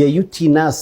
የዩቲናስ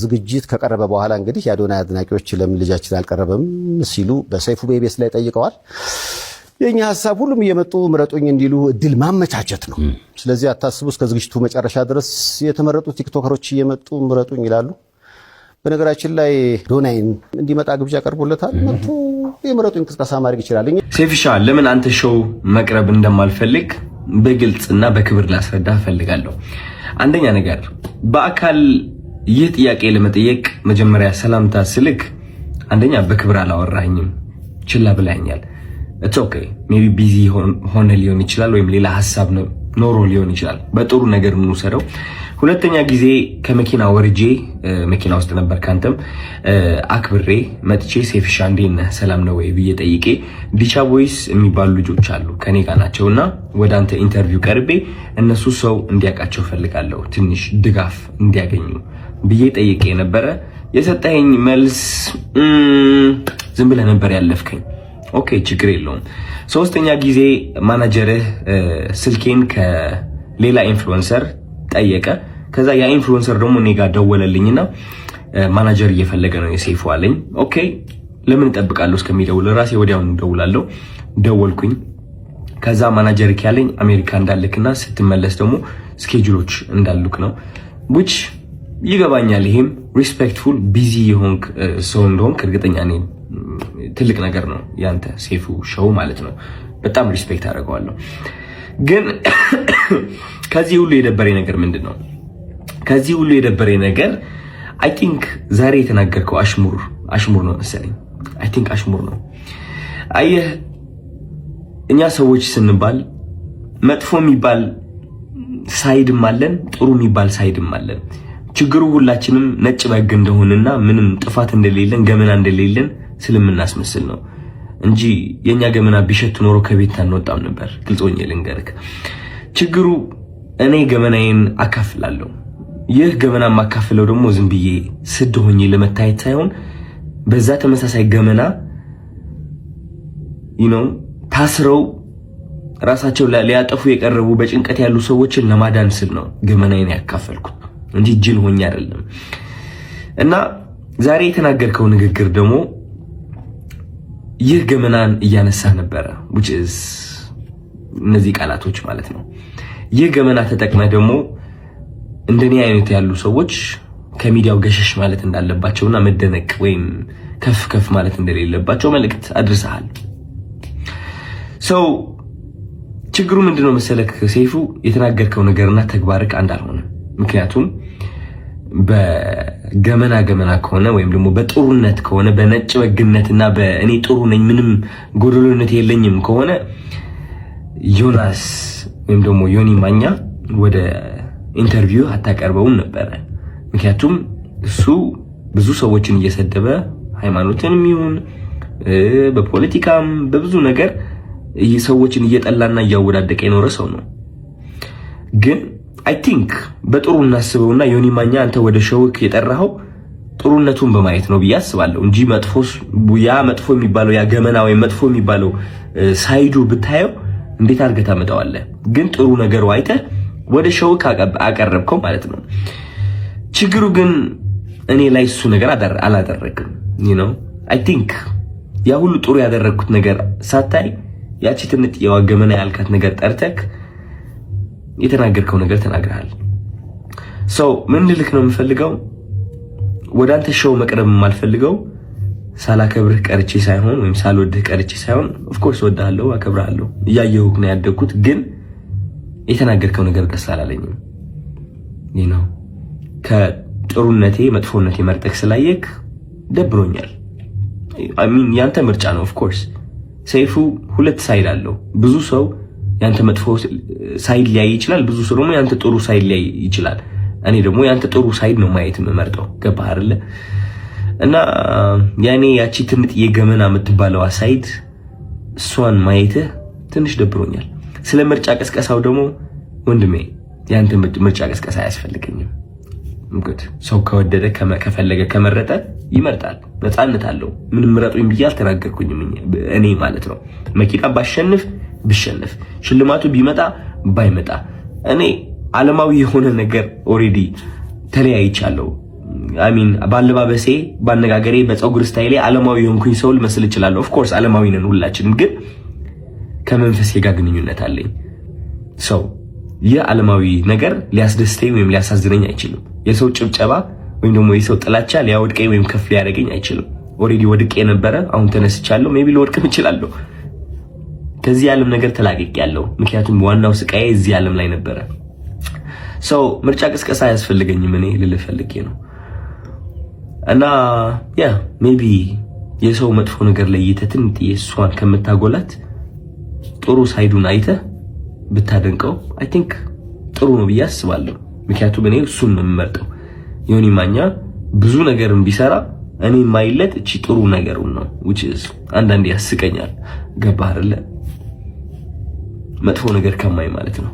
ዝግጅት ከቀረበ በኋላ እንግዲህ የአዶናይ አድናቂዎች ለምን ልጃችን አልቀረበም ሲሉ በሰይፉ ቤቤስ ላይ ጠይቀዋል። የእኛ ሀሳብ ሁሉም እየመጡ ምረጡኝ እንዲሉ እድል ማመቻቸት ነው። ስለዚህ አታስቡ፣ እስከ ዝግጅቱ መጨረሻ ድረስ የተመረጡ ቲክቶከሮች እየመጡ ምረጡኝ ይላሉ። በነገራችን ላይ ዶናይን እንዲመጣ ግብዣ ቀርቦለታል። መጡ የምረጡ እንቅስቃሴ ማድረግ ይችላል። ሴፍሻ ለምን አንተ ሾው መቅረብ እንደማልፈልግ በግልጽና በክብር ላስረዳ እፈልጋለሁ። አንደኛ ነገር በአካል ይህ ጥያቄ ለመጠየቅ መጀመሪያ ሰላምታ ስልክ፣ አንደኛ በክብር አላወራኝም፣ ችላ ብላኛል። ኦኬ ሜቢ ቢዚ ሆነ ሊሆን ይችላል፣ ወይም ሌላ ሀሳብ ኖሮ ሊሆን ይችላል። በጥሩ ነገር የምንውሰደው ሁለተኛ ጊዜ ከመኪና ወርጄ መኪና ውስጥ ነበር። ካንተም አክብሬ መጥቼ ሴፍሻ እንዴት ነህ ሰላም ነው ወይ ብዬ ጠይቄ ዲቻ ቦይስ የሚባሉ ልጆች አሉ ከኔ ጋር እና ወደ አንተ ኢንተርቪው ቀርቤ እነሱ ሰው እንዲያውቃቸው ፈልጋለሁ ትንሽ ድጋፍ እንዲያገኙ ብዬ ጠይቄ ነበረ። የሰጠኸኝ መልስ ዝም ብለህ ነበር ያለፍከኝ። ኦኬ ችግር የለውም። ሶስተኛ ጊዜ ማናጀርህ ስልኬን ከሌላ ኢንፍሉዌንሰር ጠየቀ። ከዛ ያ ኢንፍሉዌንሰር ደግሞ እኔ ጋር ደወለልኝና ማናጀር እየፈለገ ነው የሴፉ አለኝ። ኦኬ ለምን እጠብቃለሁ እስከሚደውል ራሴ ወዲያውኑ ደውላለሁ። ደወልኩኝ። ከዛ ማናጀር ያለኝ አሜሪካ እንዳልክና ስትመለስ ደግሞ ስኬጁሎች እንዳሉክ ነው ዊች ይገባኛል። ይሄም ሪስፔክትፉል ቢዚ የሆንክ ሰው እንደሆን እርግጠኛ ነኝ። ትልቅ ነገር ነው ያንተ ሴፉ ሸው ማለት ነው። በጣም ሪስፔክት አደርገዋለሁ። ግን ከዚህ ሁሉ የደበረኝ ነገር ምንድን ነው? ከዚህ ሁሉ የደበረ ነገር አይ ቲንክ ዛሬ የተናገርከው አሽሙር አሽሙር ነው መሰለኝ። አይ ቲንክ አሽሙር ነው። አየህ እኛ ሰዎች ስንባል መጥፎ የሚባል ሳይድም አለን፣ ጥሩ የሚባል ሳይድም አለን። ችግሩ ሁላችንም ነጭ በግ እንደሆንና ምንም ጥፋት እንደሌለን ገመና እንደሌለን ስለምናስመስል ነው እንጂ የእኛ ገመና ቢሸት ኖሮ ከቤት አንወጣም ነበር። ግልጾኝ ልንገርክ፣ ችግሩ እኔ ገመናዬን አካፍላለሁ። ይህ ገመና የማካፍለው ደግሞ ዝም ብዬ ስድ ሆኜ ለመታየት ሳይሆን በዛ ተመሳሳይ ገመና ነው ታስረው ራሳቸው ሊያጠፉ የቀረቡ በጭንቀት ያሉ ሰዎችን ለማዳን ስል ነው ገመናዬን ያካፈልኩት እንጂ ጅል ሆኜ አይደለም። እና ዛሬ የተናገርከው ንግግር ደግሞ ይህ ገመናን እያነሳ ነበረ። እነዚህ ቃላቶች ማለት ነው። ይህ ገመና ተጠቅመህ ደግሞ እንደኔ አይነት ያሉ ሰዎች ከሚዲያው ገሸሽ ማለት እንዳለባቸውና መደነቅ ወይም ከፍ ከፍ ማለት እንደሌለባቸው መልእክት አድርሰሃል። ሰው ችግሩ ምንድነው መሰለክ ሰይፉ፣ የተናገርከው ነገርና ተግባርክ አንድ አልሆነ። ምክንያቱም በገመና ገመና ከሆነ ወይም ደግሞ በጥሩነት ከሆነ በነጭ በግነትና በእኔ ጥሩ ነኝ ምንም ጎደሎነት የለኝም ከሆነ ዮናስ ወይም ደግሞ ዮኒ ማኛ ወደ ኢንተርቪው አታቀርበውም ነበረ። ምክንያቱም እሱ ብዙ ሰዎችን እየሰደበ ሃይማኖትንም ይሁን በፖለቲካም በብዙ ነገር ሰዎችን እየጠላና እያወዳደቀ የኖረ ሰው ነው። ግን አይ ቲንክ በጥሩ እናስበውና ዮኒ ማኛ አንተ ወደ ሸውክ የጠራኸው ጥሩነቱን በማየት ነው ብዬ አስባለሁ እንጂ መጥፎ ያ መጥፎ የሚባለው ያ ገመና ወይም መጥፎ የሚባለው ሳይዱ ብታየው እንዴት አድርገህ ታመጣዋለህ? ግን ጥሩ ነገሩ አይተህ ወደ ሸውክ አቀረብከው ማለት ነው። ችግሩ ግን እኔ ላይ እሱ ነገር አላደረግም። ነው አይ ቲንክ ያ ሁሉ ጥሩ ያደረግኩት ነገር ሳታይ ያቺ ትንጥ የዋገመና ያልካት ነገር ጠርተክ የተናገርከው ነገር ተናግረሃል። ሰው ምን ልልክ ነው የምፈልገው፣ ወደ አንተ ሸው መቅረብ የማልፈልገው ሳላከብርህ ቀርቼ ሳይሆን ወይም ሳልወድህ ቀርቼ ሳይሆን፣ ኦፍኮርስ ወድሃለሁ፣ አከብርሃለሁ እያየሁህ ነው ያደግኩት ግን የተናገርከው ነገር ደስ አላለኝም ነው ከጥሩነቴ መጥፎነቴ መርጠክ ስላየክ ደብሮኛል። ሚን ያንተ ምርጫ ነው። ኦፍኮርስ ሰይፉ ሁለት ሳይድ አለው። ብዙ ሰው ያንተ መጥፎ ሳይድ ሊያይ ይችላል፣ ብዙ ሰው ደግሞ ያንተ ጥሩ ሳይድ ሊያይ ይችላል። እኔ ደግሞ ያንተ ጥሩ ሳይድ ነው ማየት የምመርጠው። ገባህ አይደለ? እና ያኔ ያቺ ትምጥ የገመና የምትባለዋ ሳይድ እሷን ማየትህ ትንሽ ደብሮኛል። ስለ ምርጫ ቅስቀሳው ደግሞ ወንድሜ የአንተ ምርጫ ቅስቀሳ አያስፈልገኝም። እንግዲህ ሰው ከወደደ ከፈለገ ከመረጠ ይመርጣል፣ ነፃነት አለው። ምንም ምረጡኝ ብዬ አልተናገርኩኝም እኔ ማለት ነው። መኪና ባሸንፍ ብሸንፍ፣ ሽልማቱ ቢመጣ ባይመጣ፣ እኔ ዓለማዊ የሆነ ነገር ኦሬዲ ተለያይቻለሁ። አሚን በአለባበሴ፣ በአነጋገሬ፣ በፀጉር ስታይሌ ዓለማዊ የሆንኩኝ ሰው ልመስል እችላለሁ። ኦፍኮርስ ዓለማዊ ነን ሁላችንም ግን ከመንፈሴ ጋር ግንኙነት አለኝ። ሰው ይህ ዓለማዊ ነገር ሊያስደስተኝ ወይም ሊያሳዝነኝ አይችልም። የሰው ጭብጨባ ወይም ደግሞ የሰው ጥላቻ ሊያወድቀኝ ወይም ከፍ ሊያደርገኝ አይችልም። ኦልሬዲ ወድቄ የነበረ አሁን ተነስቻለሁ። ሜቢ ልወድቅም እችላለሁ። ከዚህ ዓለም ነገር ያለው ምክንያቱም ዋናው ስቃዬ እዚህ ዓለም ላይ ነበረ። ሰው ምርጫ ቅስቀሳ አያስፈልገኝም እኔ ልልህ ነው። እና ያ የሰው መጥፎ ነገር ለይተህ እሷን ከምታጎላት ጥሩ ሳይዱን አይተህ ብታደንቀው አይ ቲንክ ጥሩ ነው ብዬ አስባለሁ። ምክንያቱም እኔ እሱን ነው የምመርጠው። ዮኒ ማኛ ብዙ ነገርን ቢሰራ እኔ ማይለት እቺ ጥሩ ነገሩ ነው which is አንዳንዴ ያስቀኛል። ገባህ አይደለ? መጥፎ ነገር ከማይ ማለት ነው።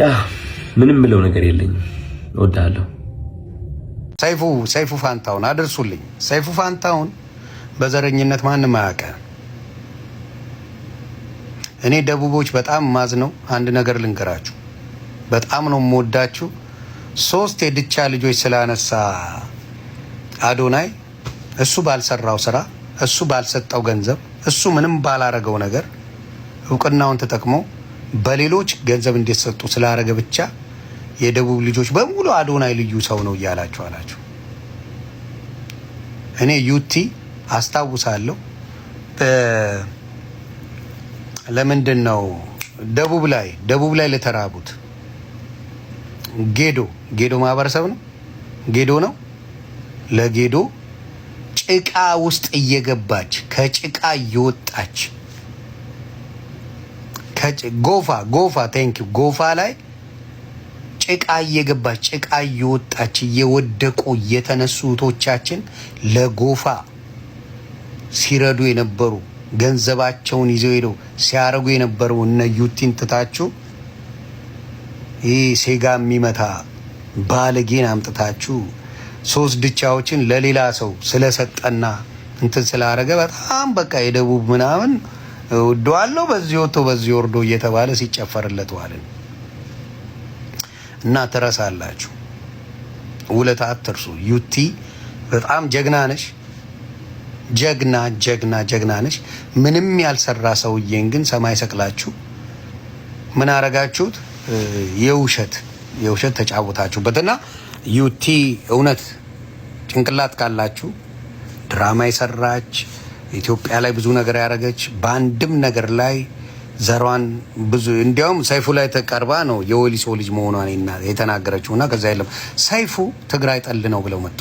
ያ ምንም ምለው ነገር የለኝም። ወዳለሁ ሰይፉ ሰይፉ ፋንታውን አድርሱልኝ። ሰይፉ ፋንታውን በዘረኝነት ማንም አያውቅም። እኔ ደቡቦች በጣም ማዝ ነው። አንድ ነገር ልንገራችሁ፣ በጣም ነው የምወዳችሁ። ሶስት የድቻ ልጆች ስላነሳ አዶናይ እሱ ባልሰራው ስራ፣ እሱ ባልሰጠው ገንዘብ፣ እሱ ምንም ባላረገው ነገር እውቅናውን ተጠቅሞ በሌሎች ገንዘብ እንዲሰጡ ስላረገ ብቻ የደቡብ ልጆች በሙሉ አዶናይ ልዩ ሰው ነው እያላችሁ አላችሁ። እኔ ዩቲ አስታውሳለሁ ለምንድን ነው ደቡብ ላይ ደቡብ ላይ ለተራቡት ጌዶ ጌዶ ማህበረሰብ ነው ጌዶ ነው ለጌዶ ጭቃ ውስጥ እየገባች ከጭቃ እየወጣች ጎፋ ጎፋ ቴንኪው ጎፋ ላይ ጭቃ እየገባች ጭቃ እየወጣች እየወደቁ እየተነሱቶቻችን ለጎፋ ሲረዱ የነበሩ ገንዘባቸውን ይዘው ሄደው ሲያደርጉ የነበረው እነ ዩቲን ትታችሁ ይህ ሴጋ የሚመታ ባለጌን አምጥታችሁ ሶስት ድቻዎችን ለሌላ ሰው ስለሰጠና እንትን ስላደረገ በጣም በቃ የደቡብ ምናምን እወደዋለሁ በዚህ ወጥቶ በዚህ ወርዶ እየተባለ ሲጨፈርለት ዋልን እና ትረሳላችሁ። ውለታ አትርሱ። ዩቲ በጣም ጀግና ነሽ። ጀግና ጀግና ጀግና ነች። ምንም ያልሰራ ሰውዬን ግን ሰማይ ሰቅላችሁ ምን አረጋችሁት? የውሸት የውሸት ተጫወታችሁበትና ዩቲ እውነት ጭንቅላት ካላችሁ ድራማ የሰራች ኢትዮጵያ ላይ ብዙ ነገር ያደረገች በአንድም ነገር ላይ ዘሯን ብዙ እንዲያውም ሰይፉ ላይ ተቀርባ ነው የወሊሶ ልጅ መሆኗን የተናገረችው እና ከዛ የለም ሰይፉ ትግራይ ጠል ነው ብለው መጡ።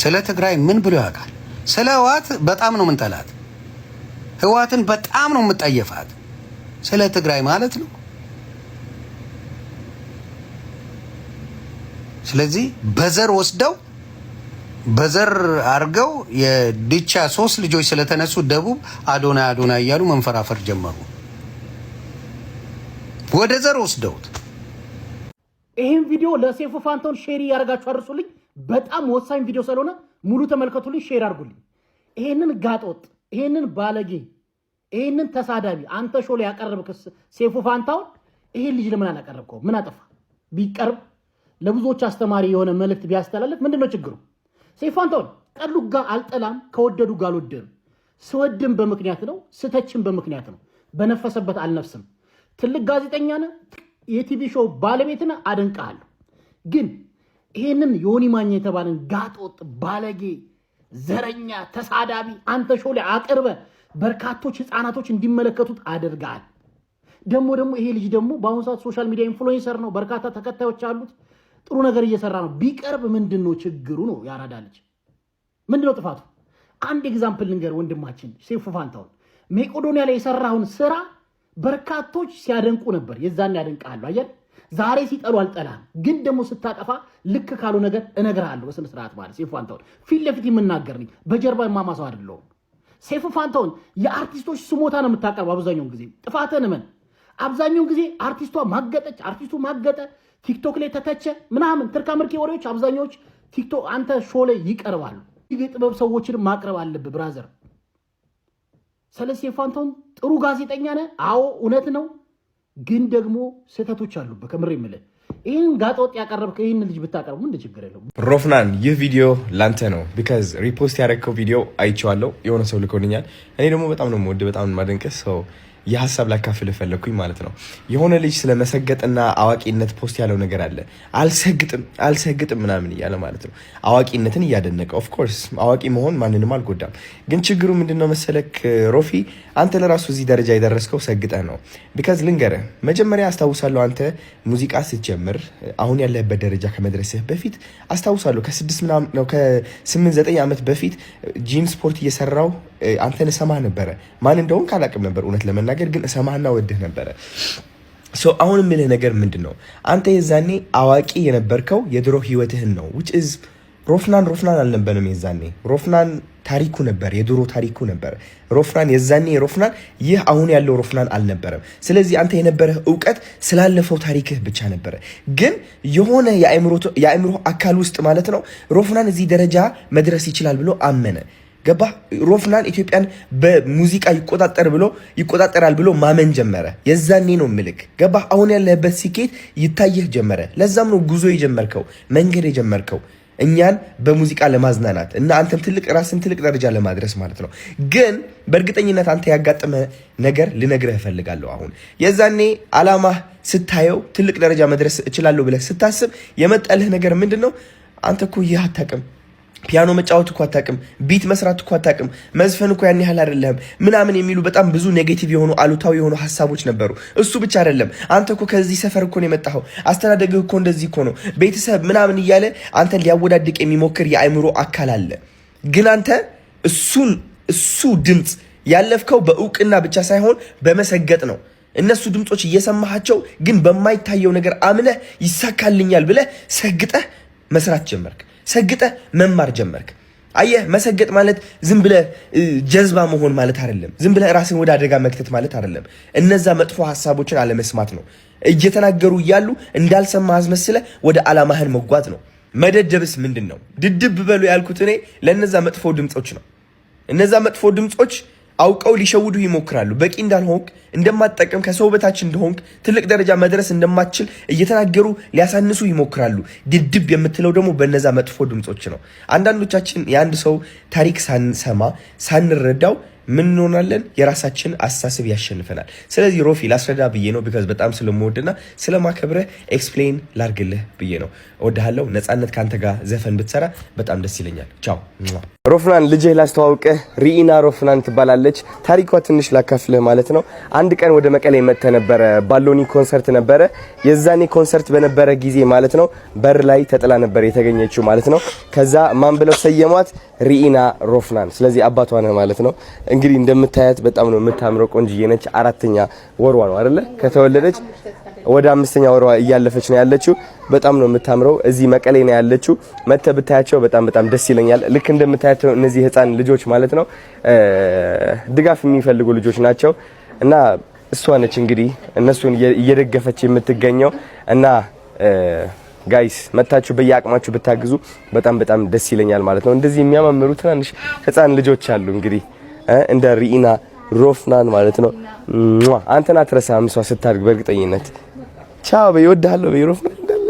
ስለ ትግራይ ምን ብሎ ያውቃል? ስለ ህወሓት በጣም ነው የምንጠላት፣ ህወሓትን በጣም ነው የምጠየፋት። ስለ ትግራይ ማለት ነው። ስለዚህ በዘር ወስደው በዘር አድርገው የድቻ ሶስት ልጆች ስለተነሱ ደቡብ አዶና አዶና እያሉ መንፈራፈር ጀመሩ። ወደ ዘር ወስደውት። ይህም ቪዲዮ ለሴፉ ፋንታሁን ሼሪ ያደርጋችሁ አድርሱልኝ። በጣም ወሳኝ ቪዲዮ ስለሆነ ሙሉ ተመልከቱልኝ፣ ሼር አድርጉልኝ። ይሄንን ጋጦጥ፣ ይሄንን ባለጌ፣ ይሄንን ተሳዳቢ አንተ ላይ ያቀረብ ሴፉ ፋንታውን ይሄን ልጅ ለምን አላቀረብከው? ምን አጠፋ? ቢቀርብ ለብዙዎች አስተማሪ የሆነ መልእክት ቢያስተላለፍ ነው ችግሩ? ሴፉ ፋንታውን ቀሉ ጋ አልጠላም፣ ከወደዱ ጋ አልወደም። ስወድም በምክንያት ነው፣ ስተችም በምክንያት ነው። በነፈሰበት አልነፍስም። ትልቅ ጋዜጠኛ ነህ፣ የቲቪ ሾው ባለቤት ነህ፣ ግን ይህንን ዮኒ ማኛ የተባለን ጋጦጥ ባለጌ፣ ዘረኛ፣ ተሳዳቢ አንተ ሾ ላይ አቅርበ በርካቶች ህፃናቶች እንዲመለከቱት አድርጋል። ደግሞ ደግሞ ይሄ ልጅ ደግሞ በአሁኑ ሰዓት ሶሻል ሚዲያ ኢንፍሉዌንሰር ነው፣ በርካታ ተከታዮች አሉት፣ ጥሩ ነገር እየሰራ ነው። ቢቀርብ ምንድን ነው ችግሩ? ነው ያራዳ ልጅ ምንድን ነው ጥፋቱ? አንድ ኤግዛምፕል ልንገር ወንድማችን ሴፉ ፋንታውን ላይ የሰራውን ስራ በርካቶች ሲያደንቁ ነበር። የዛን ያደንቃሉ አየር ዛሬ ሲጠሉ አልጠላህም፣ ግን ደግሞ ስታጠፋ ልክ ካሉ ነገር እነግርሃለሁ በስነ ስርዓት ማለት ሴፉ ፋንታሁን ፊት ለፊት የምናገር ነኝ፣ በጀርባ የማማሰው አይደለሁም። ሴፉ ፋንታሁን የአርቲስቶች ስሞታ ነው የምታቀርበው አብዛኛውን ጊዜ። ጥፋትን እመን። አብዛኛውን ጊዜ አርቲስቷ ማገጠች፣ አርቲስቱ ማገጠ፣ ቲክቶክ ላይ ተተቸ ምናምን ትርካ ምርኬ ወሬዎች አብዛኛዎች ቲክቶክ አንተ ሾ ላይ ይቀርባሉ። የጥበብ ሰዎችን ማቅረብ አለብህ ብራዘር። ስለ ሴፉ ፋንታሁን ጥሩ ጋዜጠኛ ነህ። አዎ እውነት ነው። ግን ደግሞ ስህተቶች አሉበት። ከምር የምልህ ይህን ጋጠወጥ ያቀረብክ ይህን ልጅ ብታቀርቡ እንደ ችግር የለውም። ሮፍናን ይህ ቪዲዮ ላንተ ነው። ቢካዝ ሪፖስት ያደረግከው ቪዲዮ አይቼዋለሁ፣ የሆነ ሰው ልኮልኛል። እኔ ደግሞ በጣም ነው ወድ በጣም ማደንቀስ ሰው የሀሳብ ላካፍልህ ፈለግኩኝ ማለት ነው። የሆነ ልጅ ስለ መሰገጥና አዋቂነት ፖስት ያለው ነገር አለ። አልሰግጥም አልሰግጥም ምናምን እያለ ማለት ነው። አዋቂነትን እያደነቀ ኦፍኮርስ አዋቂ መሆን ማንንም አልጎዳም። ግን ችግሩ ምንድነው መሰለክ ሮፊ፣ አንተ ለራሱ እዚህ ደረጃ የደረስከው ሰግጠህ ነው። ቢካዝ ልንገርህ፣ መጀመሪያ አስታውሳለሁ አንተ ሙዚቃ ስትጀምር አሁን ያለህበት ደረጃ ከመድረስህ በፊት አስታውሳለሁ ከስድስት ምናምን ነው ከስምንት ዘጠኝ ዓመት በፊት ጂም ስፖርት እየሰራው አንተን እሰማህ ነበረ። ማን እንደሆን ካላቅም ነበር እውነት ለመና ለመናገር ግን እሰማህና ወድህ ነበረ። አሁን የምልህ ነገር ምንድን ነው? አንተ የዛኔ አዋቂ የነበርከው የድሮ ህይወትህን ነው። ዊች ኢዝ ሮፍናን ሮፍናን አልነበረም የዛኔ። ሮፍናን ታሪኩ ነበር፣ የድሮ ታሪኩ ነበር ሮፍናን የዛኔ ሮፍናን። ይህ አሁን ያለው ሮፍናን አልነበረም። ስለዚህ አንተ የነበረህ እውቀት ስላለፈው ታሪክህ ብቻ ነበረ። ግን የሆነ የአእምሮ አካል ውስጥ ማለት ነው ሮፍናን እዚህ ደረጃ መድረስ ይችላል ብሎ አመነ። ገባ ሮፍናን ኢትዮጵያን በሙዚቃ ይቆጣጠር ብሎ ይቆጣጠራል ብሎ ማመን ጀመረ። የዛኔ ነው ምልክ ገባ አሁን ያለህበት ስኬት ይታየህ ጀመረ። ለዛም ነው ጉዞ የጀመርከው መንገድ የጀመርከው እኛን በሙዚቃ ለማዝናናት እና አንተም ትልቅ ራስን ትልቅ ደረጃ ለማድረስ ማለት ነው። ግን በእርግጠኝነት አንተ ያጋጠመ ነገር ልነግረህ እፈልጋለሁ። አሁን የዛኔ አላማህ ስታየው ትልቅ ደረጃ መድረስ እችላለሁ ብለህ ስታስብ የመጣልህ ነገር ምንድን ነው? አንተ እኮ ይህ አታውቅም ፒያኖ መጫወት እኮ አታውቅም፣ ቢት መስራት እኮ አታውቅም፣ መዝፈን እኮ ያን ያህል አይደለም ምናምን የሚሉ በጣም ብዙ ኔጌቲቭ የሆኑ አሉታዊ የሆኑ ሀሳቦች ነበሩ። እሱ ብቻ አይደለም፣ አንተ እኮ ከዚህ ሰፈር እኮ ነው የመጣኸው፣ አስተዳደግህ እኮ እንደዚህ እኮ ነው፣ ቤተሰብ ምናምን እያለ አንተ ሊያወዳድቅ የሚሞክር የአእምሮ አካል አለ። ግን አንተ እሱን እሱ ድምፅ ያለፍከው በእውቅና ብቻ ሳይሆን በመሰገጥ ነው። እነሱ ድምፆች እየሰማሃቸው ግን በማይታየው ነገር አምነህ ይሳካልኛል ብለህ ሰግጠህ መስራት ጀመርክ። ሰግጠ መማር ጀመርክ። አየህ መሰገጥ ማለት ዝም ብለህ ጀዝባ መሆን ማለት አይደለም። ዝም ብለህ ራስን ወደ አደጋ መክተት ማለት አይደለም። እነዛ መጥፎ ሀሳቦችን አለመስማት ነው። እየተናገሩ እያሉ እንዳልሰማ አስመስለ ወደ አላማህን መጓዝ ነው። መደደብስ ምንድን ነው? ድድብ በሉ ያልኩት እኔ ለእነዛ መጥፎ ድምፆች ነው። እነዛ መጥፎ ድምፆች አውቀው ሊሸውዱ ይሞክራሉ። በቂ እንዳልሆንክ እንደማትጠቅም፣ ከሰው በታች እንደሆንክ፣ ትልቅ ደረጃ መድረስ እንደማትችል እየተናገሩ ሊያሳንሱ ይሞክራሉ። ድድብ የምትለው ደግሞ በነዛ መጥፎ ድምፆች ነው። አንዳንዶቻችን የአንድ ሰው ታሪክ ሳንሰማ ሳንረዳው ምን እንሆናለን? የራሳችን አስተሳሰብ ያሸንፈናል። ስለዚህ ሮፊ ላስረዳ ብዬ ነው ቢካዝ በጣም ስለምወድና ስለማከብረ ኤክስፕሌን ላርግልህ ብዬ ነው። እወድሃለሁ። ነፃነት ከአንተ ጋር ዘፈን ብትሰራ በጣም ደስ ይለኛል። ቻው። ሮፍናን ልጅህ ላስተዋውቅህ። ሪኢና ሮፍናን ትባላለች። ታሪኳ ትንሽ ላካፍልህ ማለት ነው። አንድ ቀን ወደ መቀሌ መጥተህ ነበረ። ባሎኒ ኮንሰርት ነበረ። የዛኔ ኮንሰርት በነበረ ጊዜ ማለት ነው በር ላይ ተጥላ ነበር የተገኘችው ማለት ነው። ከዛ ማን ብለው ሰየሟት? ሪኢና ሮፍናን። ስለዚህ አባቷ ነህ ማለት ነው። እንግዲህ እንደምታያት በጣም ነው የምታምረው። ቆንጅዬ ነች። አራተኛ ወሯ ነው አይደለ? ከተወለደች ወደ አምስተኛ ወሯ እያለፈች ነው ያለችው። በጣም ነው የምታምረው። እዚህ መቀሌ ነው ያለችው። መተ ብታያቸው በጣም በጣም ደስ ይለኛል። ልክ እንደምታያቸው እነዚህ ህፃን ልጆች ማለት ነው ድጋፍ የሚፈልጉ ልጆች ናቸው እና እሷ ነች እንግዲህ እነሱን እየደገፈች የምትገኘው እና ጋይስ መታችሁ በየአቅማችሁ ብታግዙ በጣም በጣም ደስ ይለኛል ማለት ነው። እንደዚህ የሚያማምሩ ትናንሽ ህፃን ልጆች አሉ እንግዲህ እንደ ሪኢና ሮፍናን ማለት ነው። አንተን አትረሳም እሷ ስታድግ በእርግጠኝነት። ቻው በይ፣ እወድሃለሁ በይ ሮፍናን